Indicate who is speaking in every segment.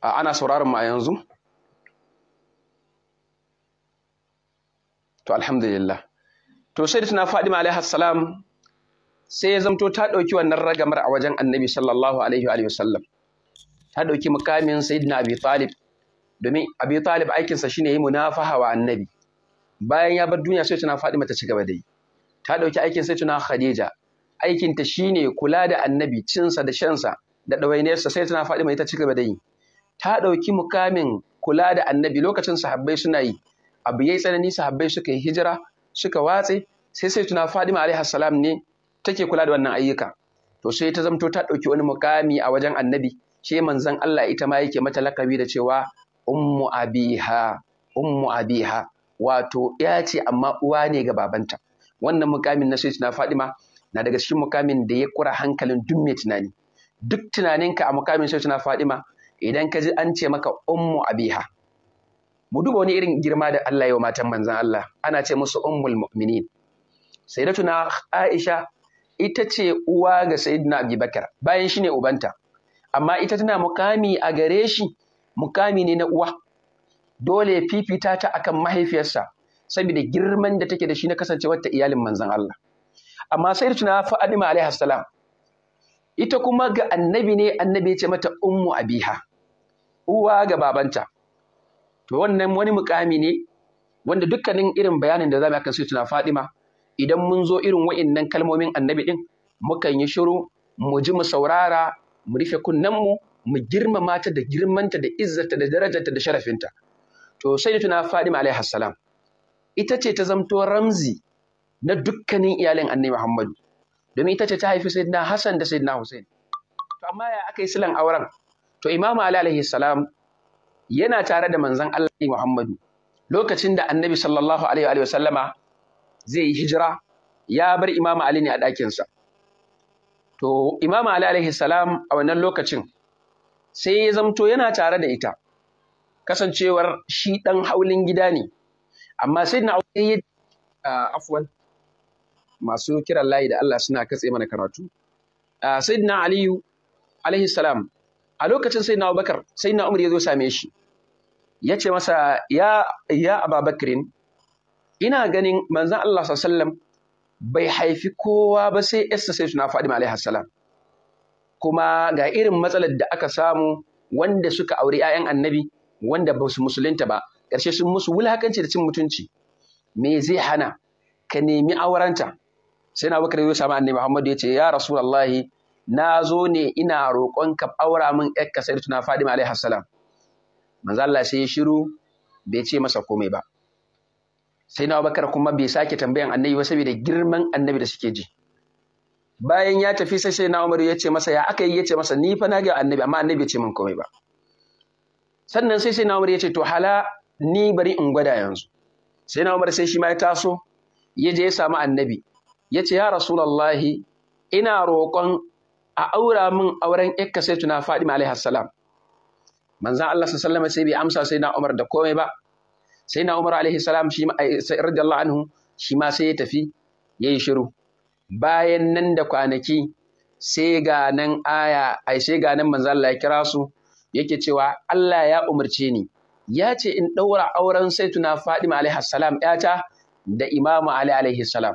Speaker 1: ana sauraron mu a yanzu to alhamdulillah to sai da tana Fadima alaiha salam sai ya zamto ta ɗauki wannan ragamar a wajen Annabi sallallahu alaihi wa sallam ta ɗauki mukamin Sayyidina Abi Talib domin Abi Talib aikinsa shine yi munafaha wa Annabi bayan ya bar duniya sai tana faɗi mata ci gaba da ta ɗauki aikin sai tana Khadija aikinta shi ne kula da Annabi cinsa da shansa da ɗawainiyarsa sai tana mai ta ci gaba da ta ɗauki mukamin kula da annabi lokacin sahabbai suna yi abu yayi tsanani sahabbai suka yi hijira suka watse sai sai tuna Fadima alaihi salam ne take kula da wannan ayyuka to sai ta zamto ta ɗauki wani mukami a wajen annabi shi manzon Allah ita ma yake mata lakabi da cewa ummu abiha ummu abiha wato ya ce amma uwa ne ga babanta wannan mukamin na sai tuna Fadima na daga cikin mukamin da ya kura hankalin duk mai tunani duk tunaninka a mukamin sai tuna Fadima idan ka ji an ce maka ummu abiha mu duba wani irin girma da Allah ya wa matan manzan Allah ana ce musu ummul mu'minin sayyidatuna Aisha ita ce uwa ga sayyidina Abubakar bayan shi ne ubanta amma ita tana mukami a gare shi mukami ne na uwa dole ya fifita ta akan mahaifiyarsa saboda girman da take da shi na kasancewar ta iyalin manzon Allah amma sayyidatuna Fadima alaihi salam ita kuma ga annabi ne annabi ya ce mata ummu abiha uwa ga babanta to wannan wani mukami ne wanda dukkanin irin bayanin da zamu akan tuna Fatima idan mun zo irin wa'innan kalmomin annabi din mukan yi shiru mu ji mu saurara mu rufe kunnen mu mu girmama ta da girmanta da izzarta da darajarta da sharafinta to sai tuna Fatima alaihi salam ita ce ta zamto ramzi na dukkanin iyalin annabi Muhammadu domin ita ce ta haifi sayyidina Hassan da sayyidina Hussein to amma ya aka yi silan auren to Imam ali alayhi salam yana tare da manzon Allah Muhammadu lokacin da annabi sallallahu alaihi wa sallama zai yi hijira ya bar Imam ali ne a ɗakinsa to Imam ali alayhi salam a wannan lokacin sai ya zamto yana tare da ita kasancewar shi ɗan haulin gida ne amma sai na ya afwan masu kiran layi da Allah suna katse mana karatu sayyidina aliyu salam a lokacin sai na Abubakar sai na Umar ya zo same shi ya ce masa ya ya ina ganin manzon Allah sallallahu bai haifi kowa ba sai Esther sai suna Fadima alaihi salam kuma ga irin matsalar da aka samu wanda suka auri 'ya'yan annabi wanda ba su musulunta ba ƙarshe sun musu wulakanci da cin mutunci me zai hana ka nemi aurenta sai na bakar zo sami annabi Muhammad ya ce ya rasulullahi na zo ne ina roƙon ka aura min ƴarka sai tuna Fadima alaihi salam manzo Allah sai ya shiru bai ce masa komai ba sai na Abubakar kuma bai sake tambayan annabi ba saboda girman annabi da suke ji bayan ya tafi sai sai na Umar ya ce masa ya aka yi ya ce masa ni fa na ga annabi amma annabi bai ce min komai ba sannan sai sai na Umar ya ce to hala ni bari in gwada yanzu sai na Umar sai shi ma ya taso ya je ya samu annabi ya ce ya rasulullahi ina roƙon a aura min auren ikka sai tuna Fadima alaihi salam manzon Allah sallallahu alaihi sai bai amsa sai na Umar da komai ba sai na Umar alaihi salam shi eh, radiyallahu anhu shi ma sai ya tafi yayi shiru bayan nan da kwanaki sai ga nan aya ai sai ga nan manzon Allah ya kira su yake cewa Allah ya umarce ni ya ce in ɗaura auren sai tuna Fadima alaihi salam ta da Imamu Ali alaihi salam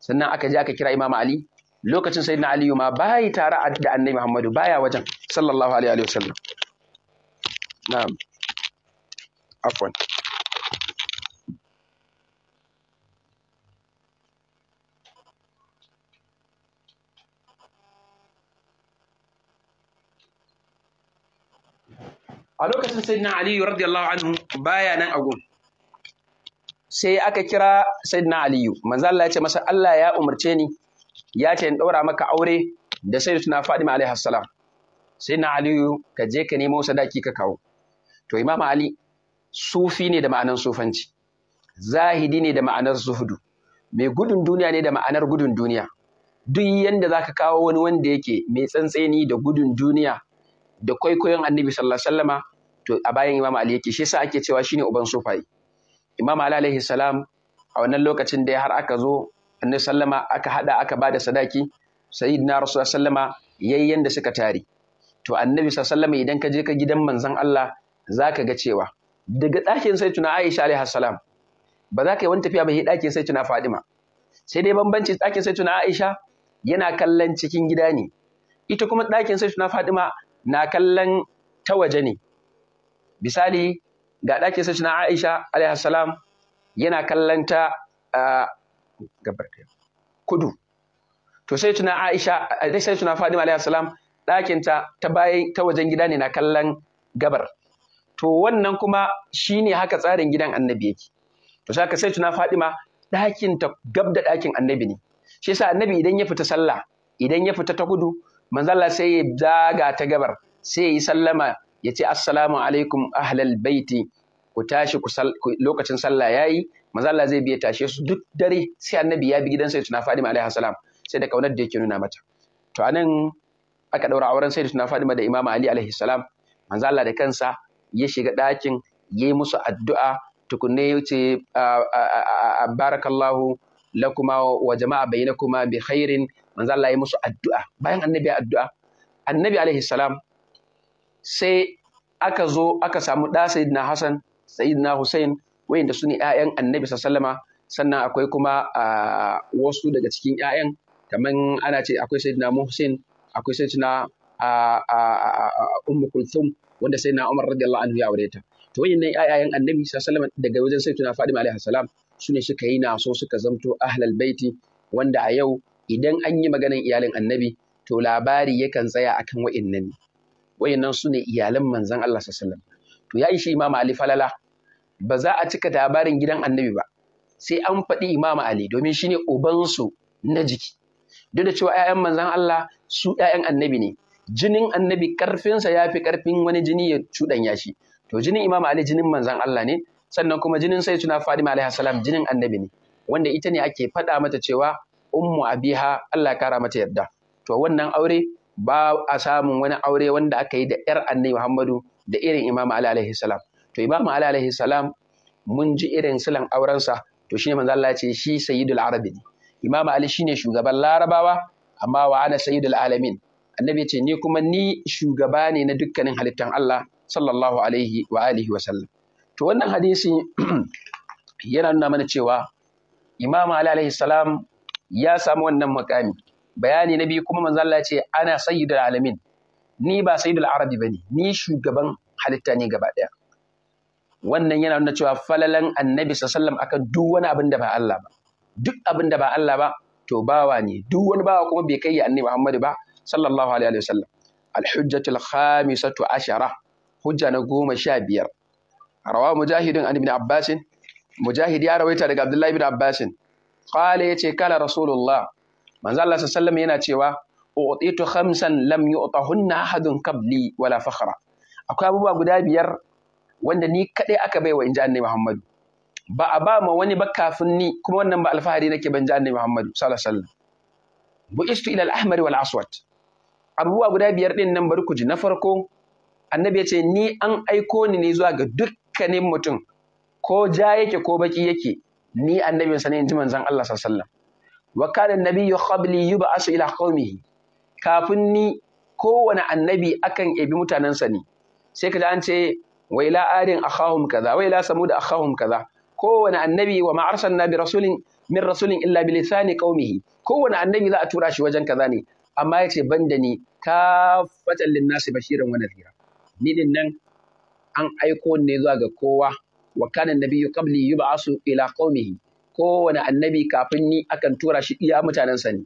Speaker 1: sannan aka je aka kira Imamu Ali lokacin sayyidina aliyu ma bai tare da annabi muhammadu baya wajen sallallahu alaihi wa sallam na'am afwan a lokacin sayyidina aliyu radiyallahu anhu baya nan agun sai aka kira sayyidina aliyu manzo Allah ya ce masa Allah ya umarce ni ya ce in ɗaura maka aure da sai tuna Fadima alaihi salam sai na Aliyu ka je ka nemo sadaki ka kawo to Imam Ali sufi ne da ma'anar sufanci zahidi ne da ma'anar zuhudu mai gudun duniya ne da ma'anar gudun duniya duk yanda ka kawo wani wanda yake mai tsantseni da gudun duniya da kwaikwayon Annabi sallallahu alaihi to a bayan Imam Ali yake shi yasa ake cewa shine uban sufai Imam Ali alaihi salam a wannan lokacin da har aka zo annabi sallama aka hada aka bada sadaki sayyidina rasulullahi sallama yayyen da suka tari. to annabi sallama idan ka je ka gidan manzon Allah zaka ga cewa daga ɗakin sai tuna Aisha alaihi salam ba za ka yi wani tafiya ba sai ɗakin sai tuna Fadima sai dai bambanci ɗakin sai tuna Aisha yana kallon cikin gida ne ita kuma ɗakin sai tuna Fadima na kallon ta waje ne misali ga ɗakin sai tuna Aisha alaihi salam yana kallon ta ah, gabar ta kudu to sai tuna Aisha eh, sai tuna Fadima alaihi salam ɗakin ta ta bayan ta wajen gida ne na kallon gabar to wannan kuma shine haka tsarin gidan annabi yake to saka sai tuna Fadima ɗakin ta gab da ɗakin annabi ne shi yasa annabi idan ya fita sallah idan ya fita ta kudu manzala sai ya zaga ta gabar sai ya yi sallama ya ce assalamu alaikum ahlal baiti ku tashi lokacin sallah yayi manzo Allah zai biya tashe su duk dare sai annabi ya bi gidansa ya tuna Fadima alaihi salam sai da kaunar da yake nuna mata to anan aka daura auren sai da tuna Fadima da Imam Ali alaihi salam manzo Allah da kansa ya shiga ɗakin ya yi musu addu'a tukunne ya ce barakallahu lakuma wa jama'a bainakuma bi khairin manzo Allah ya musu addu'a bayan annabi ya addu'a annabi alaihi salam sai aka zo aka samu ɗa sayyidina Hassan sayyidina Hussein wayanda su ne 'ya'yan annabi sallama sannan akwai kuma wasu daga cikin 'ya'yan kamar ana ce akwai sayyidina muhsin akwai sayyidina ummu kulthum wanda sayyidina umar radiyallahu anhu ya aure to wayannan 'ya'yan annabi sallama daga wajen sayyidina fadima alaihi salam su ne suka yi naso suka zamto ahlal baiti wanda a yau idan an yi maganan iyalin annabi to labari yakan tsaya akan wayannan wayannan su ne iyalan manzon Allah sallallahu alaihi wasallam to ya shi imama ali falala ba za a cika labarin gidan annabi ba sai an faɗi Imam Ali domin shine ubansu na jiki duk da cewa 'ya'yan manzon Allah su 'ya'yan annabi ne jinin annabi karfinsa ya fi karfin wani jini ya cuɗanya shi to jinin Imam Ali jinin manzon Allah ne sannan kuma jinin sai suna Fadima alaihi salam jinin annabi ne wanda ita ne ake faɗa mata cewa ummu abiha Allah kara mata yarda to wannan aure ba a samun wani aure wanda aka yi da 'yar annabi Muhammadu da irin Imam Ali alaihi salam to imamu ali alaihi salam mun ji irin silan aurensa to shine manzo Allah ya ce shi sayyidul arabi ne imamu ali shine shugaban larabawa amma wa ana sayyidul alamin annabi ya ce ni kuma ni shugaba ne na dukkanin halittan Allah sallallahu alaihi wa alihi wa sallam to wannan hadisi yana nuna mana cewa imamu ali alaihi salam ya samu wannan makami bayani na biyu kuma manzo Allah ya ce ana sayyidul alamin ni ba sayyidul arabi bane ni shugaban halitta ne gaba daya wannan yana nuna cewa falalan annabi sallallahu akan duk wani abin da ba Allah ba duk abin da ba Allah ba to bawa ne duk wani bawa kuma bai kai ya annabi Muhammad ba sallallahu alaihi wa sallam al-hujjatul khamisatu ashara hujja na goma sha biyar rawa mujahidin an ibn abbas mujahid ya rawaita daga abdullahi ibn abbas qala yace kala rasulullah manzo Allah sallallahu yana cewa utitu khamsan lam hunna ahadun qabli wala fakhra akwai abubuwa guda biyar wanda ni kaɗai aka bai wa in Muhammadu ba a ba ma wani ba kafin ni kuma wannan ba alfahari nake ban ji annabi Muhammadu sallallahu alaihi wasallam istu ila al-ahmar wal aswad abubuwa guda biyar din nan bari ku ji na farko annabi ya ce ni an aiko ni ne zuwa ga dukkanin mutum ko ja yake ko baki yake ni Annabi sanin ne manzon Allah sallallahu alaihi wasallam wa kana nabiyyu qabli yub'asu ila qaumihi kafin ni kowane annabi akan ebi mutanensa ne sai ka an ce wa ila adin akhahum kaza wa ila samud akhahum kaza kowane annabi wa ma arsalna bi rasulin min rasulin illa bi lisani qaumihi kowane annabi za a tura shi wajen kaza ne amma yace banda ni kafatan lin nasi bashiran wa nadhira ni din nan an aiko ne zuwa ga kowa wa kana nabiyyu qabli yub'asu ila qaumihi kowane annabi kafin ni akan tura shi iya mutanensa ne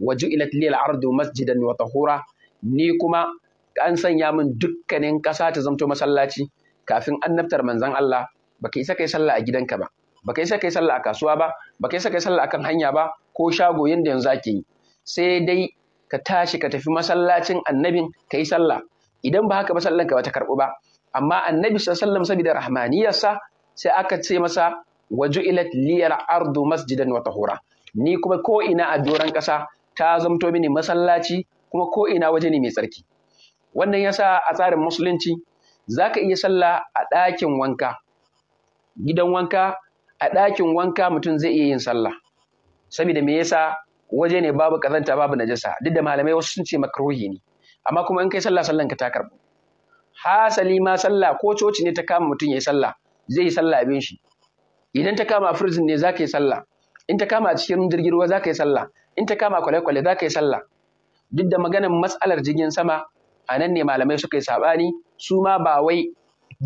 Speaker 1: wa ju'ilat lil ardu masjidan wa tahura ni kuma an sanya min dukkanin ƙasa ta zamto masallaci kafin annabtar manzon Allah baka isa kai sallah a gidanka ba baka isa kai sallah a kasuwa ba baka isa kai sallah akan hanya ba ko shago yanda yanzu ake yi sai dai ka tashi ka tafi masallacin annabin ka yi sallah idan ba haka ba sallanka ba ta karɓu ba amma annabi sallam saboda rahmaniyarsa sai aka ce masa ilat liyar ardu masjidan wata tahura ni kuma ko ina a doran ƙasa ta zamto mini masallaci kuma ko ina waje ne mai tsarki wannan yasa a tsarin musulunci za ka iya sallah a ɗakin wanka gidan wanka a ɗakin wanka mutum zai iya yin sallah saboda me yasa waje ne babu kazanta babu najasa duk da malamai wasu sun ce makruhi ne amma kuma in kai sallah sallan ka ta karbu hasali ma sallah ko coci ne ta kama mutum yi sallah zai yi sallah abin shi idan ta kama firzin ne za ka yi sallah in ta kama a cikin jirgin ruwa za ka yi sallah in ta kama kwale-kwale za ka yi sallah duk da maganar matsalar jirgin sama a nan ne malamai suka yi saɓani su ma ba wai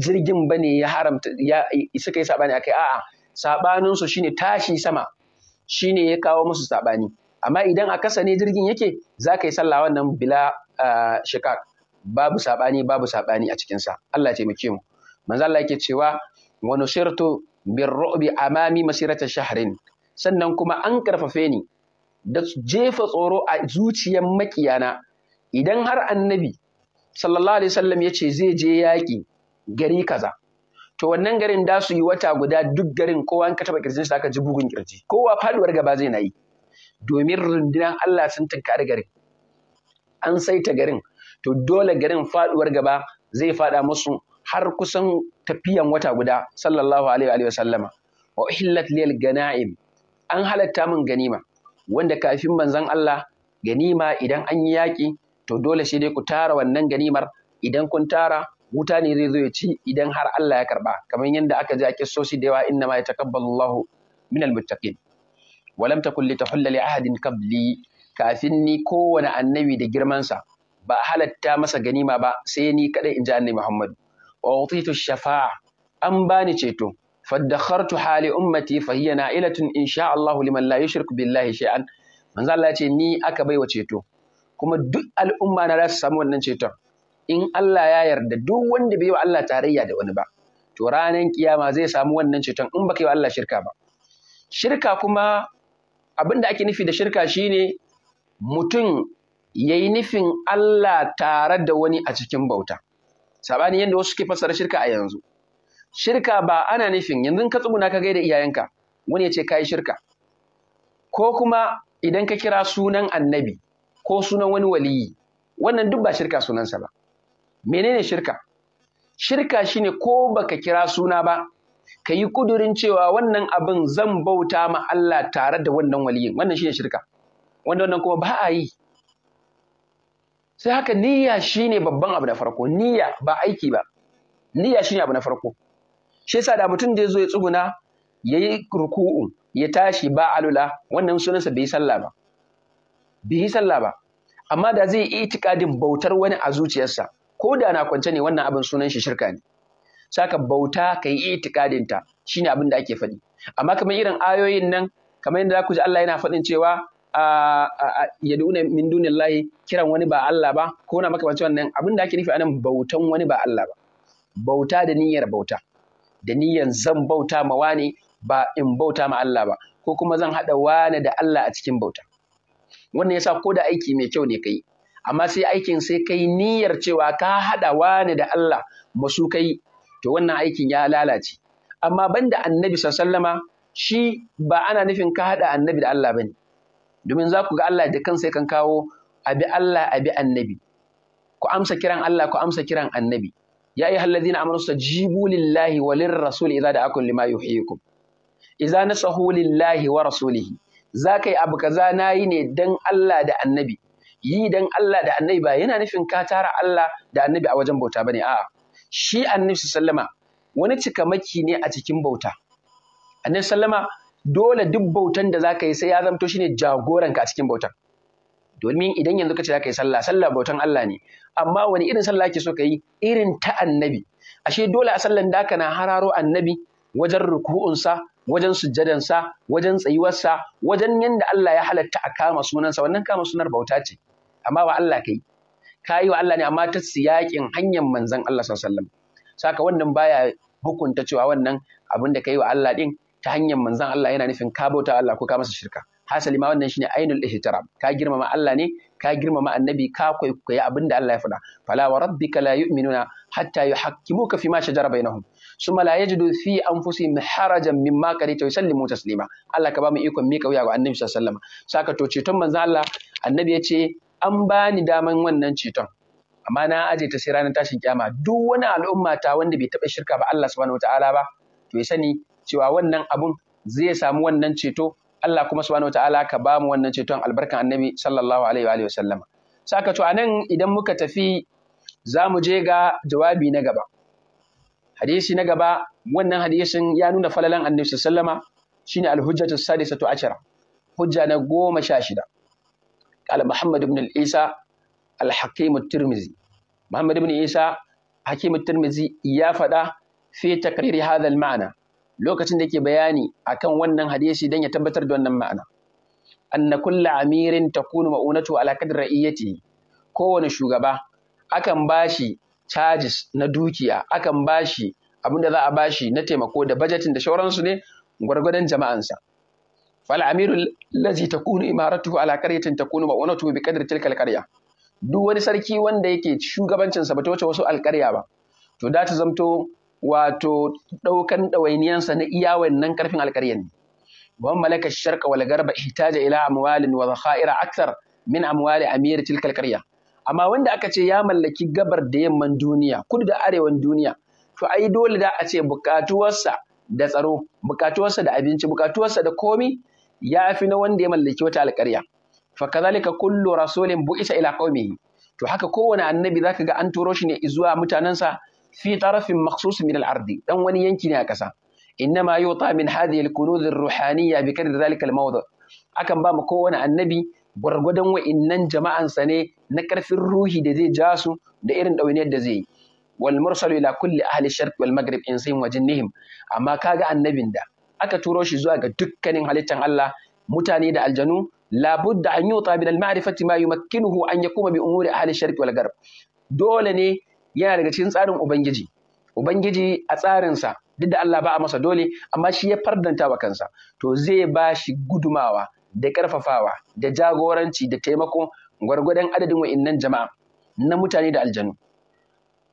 Speaker 1: jirgin ba ne ya haramta suka yi saɓani akai a'a saɓaninsu shine tashi sama shine ya kawo musu saɓani amma idan a kasa ne jirgin yake za ka yi sallah wannan bila shikak babu saɓani babu saɓani a cikinsa Allah ya taimake mu manzo Allah yake cewa wa nusirtu birru'bi amami masirata shahrin sannan kuma an karfafe ni da jefa tsoro a zuciyar makiyana idan har annabi sallallahu alaihi wasallam ya ce zai je yaƙi gari kaza to wannan garin da su yi wata guda duk garin kowa an ka taɓa kirjin shi aka ji bugun kirji kowa faduwar gaba zai na yi domin rundunar Allah sun tunkari garin an saita garin to dole garin faduwar gaba zai fada musu har kusan tafiyan wata guda sallallahu alaihi wa sallama wa uhillat lil ganaim an halatta mun ganima wanda kafin manzon Allah ganima idan an yi yaƙi to dole shi dai ku tara wannan ganimar idan kun tara wuta ne zai zo ya ci idan har Allah ya karba kamar yadda aka ji a kissoshi da yawa inna ma yatakabbalullahu min almuttaqin wa lam takun litahulla li ahadin qabli kafin ni kowane annabi da girman sa ba halatta masa ganima ba sai ni kadai in ji annabi Muhammad wa utitu shafa'a an bani ceto faddakhartu hali ummati fa hiya na'ilatun insha Allah liman la yushriku billahi shay'an manzo Allah ya ce ni aka baiwa ceto kuma duk al'umma na za su samu wannan ceton in Allah ya yarda duk wanda bai wa Allah tarayya da wani ba to ranar kiyama zai samu wannan ceton in baka yi wa Allah shirka ba shirka kuma abin da ake nufi da shirka shine mutum yayi nufin Allah tare da wani a cikin bauta sabani yadda wasu suke fassara shirka a yanzu shirka ba ana nufin yanzu ka tsuguna ka gaida iyayenka wani ya ce ka shirka ko kuma idan ka kira sunan annabi ko sunan wani waliyi wannan duk ba shirka sunansa ba menene shirka shirka shine ko baka kira suna ba ka yi kudurin cewa wannan abin zan bauta ma Allah tare da wannan waliyin wannan shine shirka wanda wannan kuma ba a yi sai haka niyya shine babban abu na farko niyya ba aiki ba niyya shine abu na farko shi yasa da mutum da ya zo ya tsuguna yayi yi ruku'u ya tashi ba alula wannan sunansa bai sallah ba Bihi yi sallah ba amma da zai yi itikadin bautar wani a zuciyarsa ko da na kwance ne wannan abin sunan shi shirka ne saka bauta kai itikadin ta shine abin da ake faɗi amma kamar irin ayoyin nan kamar yadda za ku ji Allah yana faɗin cewa ya duna min dunillahi kiran wani ba Allah ba ko na maka bace wannan abin da ake nufi anan bautan wani ba Allah ba bauta da niyyar bauta da niyyar zan bauta ma wani ba in bauta ma Allah ba ko kuma zan haɗa wani da Allah a cikin bauta wannan yasa ko da aiki mai kyau ne kai amma sai aikin sai kai niyyar cewa ka haɗa wani da Allah masu kai to wannan aikin ya lalace amma banda annabi sallama shi ba ana nufin ka haɗa annabi da Allah bane domin za ku ga Allah da kansa kan kawo abi Allah abi annabi ku amsa kiran Allah ku amsa kiran annabi ya ayyuha alladhina amanu sajibu lillahi wa lirrasuli idza da'akum lima yuhyikum idza nasahu lillahi wa rasulihi za ka yi abu kaza na yi ne don Allah da annabi yi don Allah da annabi ba yana nufin ka tara Allah da annabi a wajen bauta ba ne a'a shi annabi sallama wani cikamaki ne a cikin bauta annabi sallama dole duk bautan da za ka yi sai ya zamto shine jagoranka a cikin bautan domin idan yanzu ka ce za ka yi sallah sallah bautan Allah ne amma wani irin sallah ke so ka yi irin ta annabi ashe dole a sallan da na hararo annabi wajen ruku'unsa wajen sujjadansa wajen tsayuwarsa wajen yanda Allah ya halatta a kama sunansa wannan kama sunar bauta ce amma ba Allah kai ka yi wa Allah ne amma ta siyaƙin hanyar manzon Allah sallallahu alaihi wasallam saka wannan baya hukunta cewa wannan abin da ka yi wa Allah din ta hanyar manzon Allah yana nufin ka bauta Allah ko ka masa shirka hasali ma wannan shine ainul ihtiram ka girmama Allah ne ka girmama annabi ka kwaikwaya abin da Allah ya faɗa fala wa rabbika la yu'minuna hatta yuhaqqimuka fi ma shajara bainahum summa la yajidu fi anfusihim harajan mimma qadaita wa yusallimu taslima Allah ka ba mu ikon mika wuya ga Annabi sallallahu alaihi wasallam saka to ceton manzo Allah Annabi ya ce an bani daman wannan ceton amma na aje ta sai ranar tashin kiyama duk wani al'umma ta wanda bai taɓa shirka ba Allah subhanahu wataala ba to ya sani cewa wannan abun zai samu wannan ceto Allah kuma subhanahu wataala ka ba mu wannan ceton albarkan annabi sallallahu alaihi wa alihi wasallam saka to anan idan muka tafi zamu je ga jawabi na gaba hadisi na gaba wannan hadisin ya nuna falalan annabi sallama shine al-hujjatu sadisatu ashara hujja na goma sha shida qala muhammad ibn al-isa al-hakim at-tirmizi muhammad ibn isa hakim at-tirmizi ya faɗa fi takriri hadha al-ma'na lokacin da yake bayani akan wannan hadisi dan ya tabbatar da wannan ma'ana anna kullu amirin takunu ma'unatu ala qadri ra'iyatihi kowane shugaba akan bashi charges na dukiya akan bashi abinda za a bashi na taimako da bajetin da shauransu ne gwargwadon jama'ansa fal amiru lazi takunu imaratuhu ala qaryatin takunu ma'unatuhu bi qadri tilka qarya duk wani sarki wanda yake shugabancin sa bata wuce wasu alƙarya ba to da ta zamto wato daukan dawainiyansa na iya wannan karfin alƙaryan ne wan malaka sharqa wal garba ihtaja ila amwalin wa zakha'ira akthar min amwali amir tilka alqarya amma wanda aka ce ya mallaki gabar da yamman duniya kudu da arewan duniya to ai dole da a ce bukatuwarsa da tsaro bukatuwarsa da abinci bukatuwarsa da komi ya fi na wanda ya mallaki wata alƙarya fa kazalika kullu rasulin bu'isa ila qaumihi to haka kowane annabi zaka ga an turo shi ne zuwa mutanansa fi tarafin makhsus min al dan wani yanki ne a ƙasa innama yuta min hadhihi al-kunuz ar-ruhaniyya bi kadri zalika al-mawdu akan ba mu kowane annabi gwargwadon wa'innan jama'ansa ne na ƙarfin ruhi da zai ja su da irin ɗauniyar da zai yi wal mursalu ila kulli ahli sharq wal maghrib in sin nihim amma kaga annabin da aka turo shi zuwa ga dukkanin halittar Allah mutane da aljanu labudda an yuta min al ma'rifati ma yumakkinuhu an yakuma bi umuri ahli sharq wal gharb dole ne yana daga cikin tsarin ubangiji ubangiji a tsarinsa duk da Allah ba a masa dole amma shi ya fardanta wa kansa to zai ba shi gudumawa da ƙarfafawa da jagoranci da taimako gwargwadon adadin wa'innan jama'a na mutane da aljanu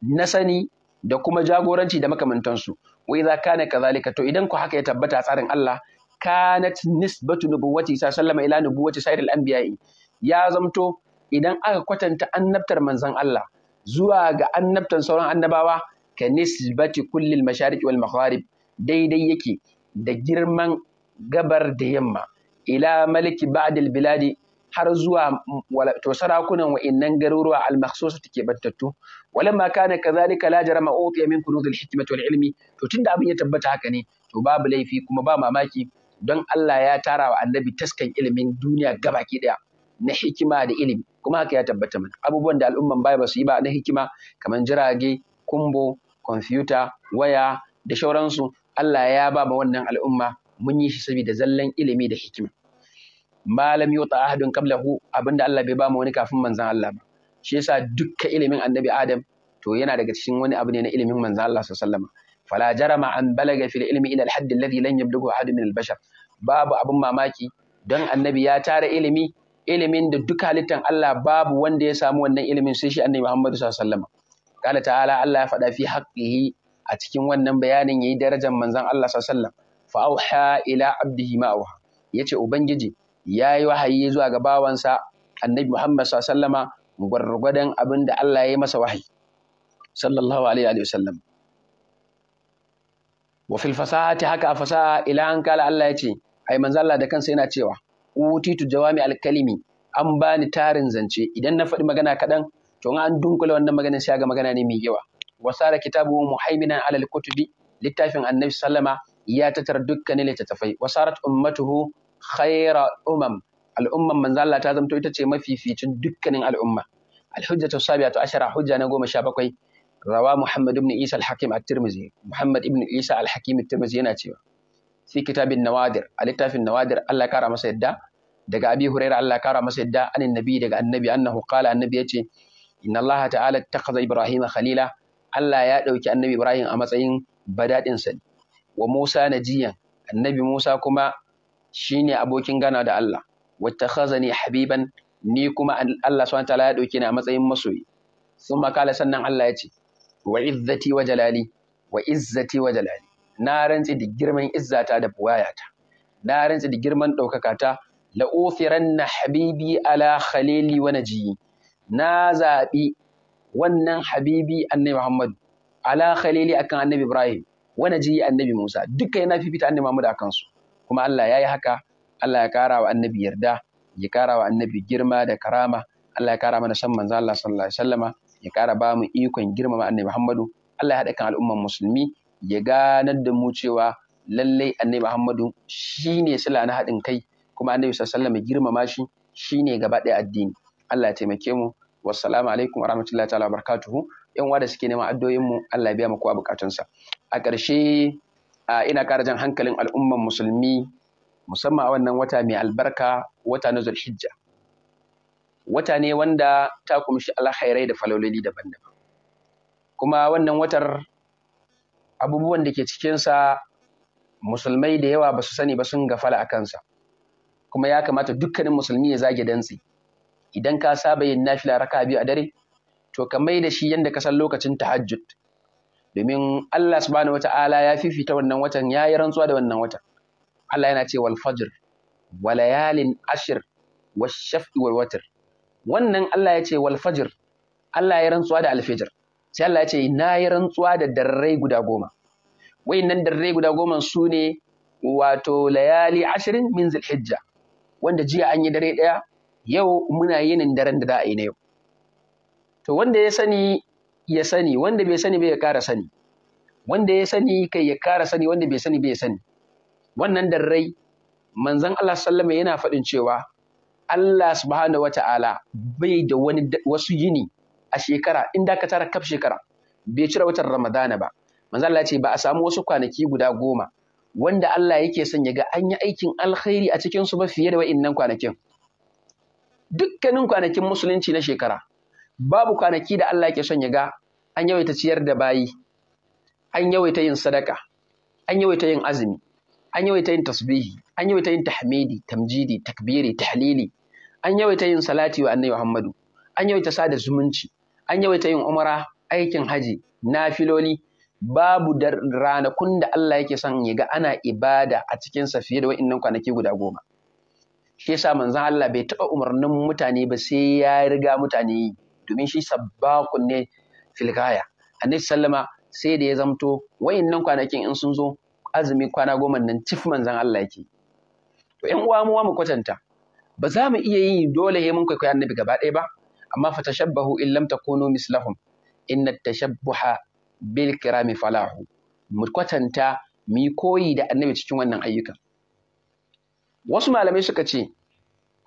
Speaker 1: na sani da kuma jagoranci da makamantansu wa idza kana kadhalika to idan ku haka ya tabbata tsarin Allah kanat nisbatu nubuwati sallama ila nubuwati sairil anbiya'i ya zamto idan aka kwatanta annabtar manzon Allah zuwa ga annabtan sauran annabawa ka nisbati kullil mashariq wal magharib daidai yake da girman gabar da yamma ila maliki ba'dil biladi har zuwa to sarakunan wa'innan garuruwa al-makhsusa take battattu ma kana kadhalika la jarama utiya min kunuzil hikmati wal ilmi to tunda abin ya tabbata haka ne to babu laifi kuma ba mamaki don Allah ya tara wa annabi taskan ilimin duniya gabaki daya na hikima da ilimi kuma haka ya tabbata mana abubuwan da al'umman baya ba su yi ba na hikima kamar jirage kumbo kwamfuta waya da shauransu Allah ya ba ma wannan al'umma mun yi shi saboda zallan ilimi da hikima ma lam yuta ahadun qablahu abinda Allah bai ba mu wani kafin manzon Allah ba shi yasa dukkan ilimin annabi Adam to yana daga cikin wani abu ne na ilimin manzon Allah sallallahu alaihi wasallam fala jarama an balaga fil ilmi ila al hadd alladhi lan yablughu ahadun min al bashar babu abin mamaki don annabi ya tara ilimi ilimin da duk halittan Allah babu wanda ya samu wannan ilimin sai shi annabi Muhammadu sallallahu alaihi wasallam hala ta'ala Allah ya faɗa fi haqqihi a cikin wannan bayanin yayi darajar manzon Allah sallallahu alaihi wasallam fa auha ila abdihi ma auha yace ubangiji ya yi wahayi zuwa ga bawansa annabi Muhammad sallama gwargwadon abin da Allah ya yi masa wahayi sallallahu alaihi wa sallam wa fil fasahati haka a fasaha ila an kala Allah ya ce ai manzo Allah da kansa yana cewa utitu jawami al-kalimi an bani tarin zance idan na faɗi magana kaɗan to an dunkule wannan maganar sai ga magana ne mai yawa wasara kitabu muhaiminan alal kutubi littafin annabi sallama ya tattara dukkanin littattafai wasarat ummatuhu khaira umam al'umman manzo ta zamanto ita ce mafi mafificin dukkanin al'umma al-hujjatu ta ashara hujja na goma sha bakwai rawa Muhammad ibn Isa al-Hakim at Muhammad ibn Isa al-Hakim at yana cewa fi kitabin Nawadir a littafin Nawadir Allah kara masa yadda daga Abi Hurairah Allah kara masa yadda anin nabi daga annabi annahu qala annabi yace inna Allah ta'ala ittakhadha Ibrahim khalila Allah ya ɗauki annabi Ibrahim a matsayin badaɗinsa. wa Musa najiyan annabi Musa kuma shine abokin gana da Allah wattakhazani habiban ni kuma Allah subhanahu wataala ya dauke ni a matsayin masoyi sun makala sannan Allah ya ce wa izzati wa jalali wa izzati wa jalali na rantsi da girman izzata da buwayata na rantsi da girman ɗaukakata la na habibi ala khalili wa najiyi na zaɓi wannan habibi annabi Muhammadu, ala khalili akan annabi Ibrahim wa najiyi annabi Musa duka yana fifita annabi Muhammad akan su kuma Allah ya yi haka Allah ya kara wa annabi yarda ya kara wa annabi girma da karama Allah ya kara mana san manzo Allah sallallahu alaihi wasallama ya kara ba mu ikon girmama annabi Muhammadu Allah ya haɗa kan al'umman musulmi ya ganar da mu cewa lallai annabi Muhammadu shine sila na haɗin kai kuma annabi sallallahu alaihi wasallama girmama shi shine gaba ɗaya addini Allah ya taimake mu wassalamu alaikum warahmatullahi ta'ala wabarakatuhu yan uwa da suke neman addoyin mu Allah ya biya mu kowa bukatunsa a ƙarshe ina ƙara jan hankalin al'umman musulmi musamman a wannan wata mai albarka wata na zulhijja wata ne wanda ta kumshi alhairai da falololi daban-daban kuma wannan watar abubuwan da ke cikinsa musulmai da yawa ba su sani ba sun gafala a kansa kuma ya kamata dukkanin musulmi ya zage dantsi idan ka saba yin nafila raka biyu a dare to ka mai da shi yadda ka san lokacin tahajjud domin Allah subhanahu wata'ala ya fifita wannan watan ya yi rantsuwa da wannan watan Allah yana ce wal fajr wa layalin ashir wa shaf'i wal watr wannan Allah ya ce wal Allah ya rantsuwa da alfijir sai Allah ya ce na yi rantsuwa da darrai guda goma wayannan darrai guda goma su ne wato layali ashirin min zilhijja wanda jiya an yi dare ɗaya yau muna yinin daren da za yi na yau to wanda ya sani ya sani wanda bai sani bai ya ƙara sani wanda ya sani kai ya kara sani wanda bai sani bai sani wannan darrai manzon Allah sallama yana faɗin cewa Allah subhanahu wata'ala bai da wani wasu yini a shekara in da ka tara kaf shekara bai cire watan Ramadana ba manzon Allah ya ce ba a samu wasu kwanaki guda goma wanda Allah yake son ya ga an yi aikin alkhairi a cikin su ba fiye da wa'innan kwanakin. Dukkanin kwanakin musulunci na shekara, babu kwanaki da Allah yake son ya ga an yawaita ciyar da bayi an yawaita yin sadaka an yawaita yin azumi an yawaita yin tasbihi an yawaita yin tahmidi tamjidi takbiri tahlili an yawaita yin salati wa annabi Muhammadu an yawaita sada zumunci an yawaita yin umara aikin haji nafiloli babu da ranakun da Allah yake son ya ga ana ibada a cikinsa fiye da wa'innan kwanaki guda goma. Shi yasa manzon Allah bai taɓa umarnin mutane ba sai ya riga mutane yi. domin shi sabakun ne filgaya annabi sallama sai da ya zamto wayannan kwanakin in sun zo azumi kwana goma nan cif manzan Allah yake to 'yan uwa mu mu kwatanta ba za mu iya yi dole he mun kwaikwayi annabi gaba ɗaya ba amma fa tashabbahu in lam takunu mislahum inna tashabbuha bil kirami falahu mu kwatanta mu yi koyi da annabi cikin wannan ayyukan wasu malamai suka ce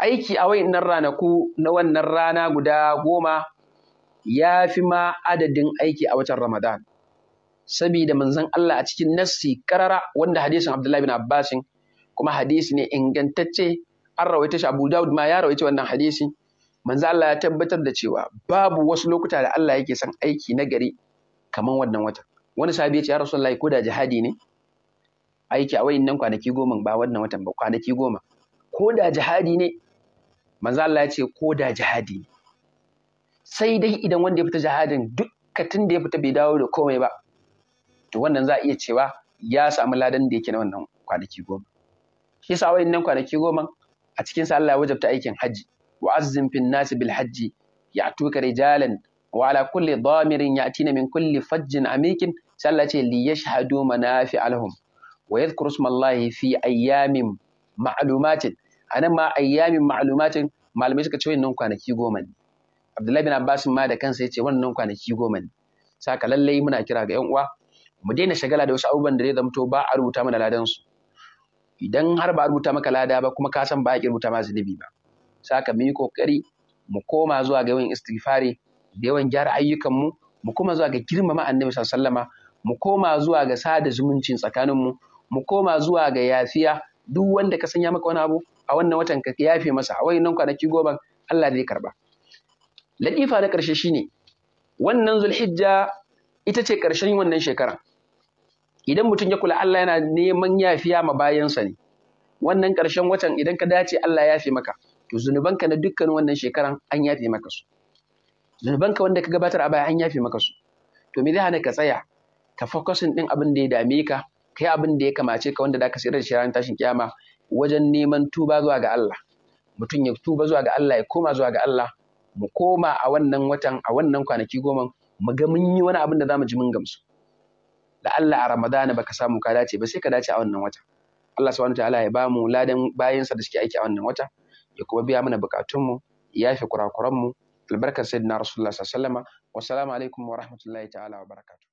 Speaker 1: aiki a wayannan ranaku na wannan rana guda goma ya fi ma adadin aiki a watan Ramadan. Sabida manzon Allah a cikin nassi karara wanda hadisin Abdullahi bin Abbasin kuma hadisi ne ingantacce an rawaita shi Abu Dawud ma ya rawaita wannan hadisi manzo Allah ya tabbatar da cewa babu wasu lokuta da Allah yake son aiki na gari kaman wannan watan wani sahabi ya ce ya Rasulullahi ko da jihadi ne aiki a wayannan kwanaki goma ba wannan watan ba kwanaki goma ko da jihadi ne manzo Allah ya ce ko da jihadi sai dai idan wanda ya fita jihadin tun da ya fita bai dawo da komai ba to wannan za a iya cewa ya samu ladan da yake na wannan kwanaki goma shi yasa wayannan kwanaki goma a cikin sa Allah ya wajabta aikin haji wa azzim fin nasi bil hajji ya'tuka rijalan wa ala kulli damirin ya'tina min kulli fajjin amikin sai Allah ce li yashhadu manafi alhum wa yadhkuru smallahi fi ayyamin ma'lumatin a nan ma ayyamin ma'lumatin malamai suka ce wannan kwanaki goma ne Abdullahi bin Abbas ma da kansa ya ce wannan kwanaki goma ne saka lallai muna kira ga 'yan uwa mu daina shagala da wasu abubuwan da zai zamto ba a rubuta mana ladan su idan har ba a rubuta maka lada ba kuma ka san ba a rubuta ma zunubi ba saka mu yi kokari mu koma zuwa ga yawan istighfari da yawan gyara ayyukan mu mu koma zuwa ga girmama annabi sallama mu koma zuwa ga sada zumuncin tsakaninmu mu koma zuwa ga yafiya duk wanda ka sanya maka wani abu a wannan watan ka yafe masa a wayannan kwanaki goma Allah zai karba ladifa na ƙarshe shine wannan zulhijja ita ce ƙarshen wannan shekaran idan mutum ya kula Allah yana neman yafiya ma bayansa ne wannan ƙarshen watan idan ka dace Allah ya yafe maka to zunubanka na dukkan wannan shekaran an yafe maka su zunubanka wanda ka gabatar a baya an yafe maka su to me zai hana ka tsaya ka focusin din abin da ya dame ka kai abin da ya kamace ka wanda ka sayar da shi tashin kiyama wajen neman tuba zuwa ga Allah mutum ya tuba zuwa ga Allah ya koma zuwa ga Allah mu koma a wannan watan a wannan kwanaki goma mu ga mun yi wani abin da za mu ji mun gamsu da Allah a Ramadana baka samu ka dace ba sai ka dace a wannan wata Allah subhanahu ta'ala ya ba mu ladan sa da suke aiki a wannan wata ya kuma biya mana bukatunmu ya yafe mu albarkar sayyidina rasulullah sallallahu alaihi wasallam wassalamu alaikum wa rahmatullahi ta'ala wa barakatuh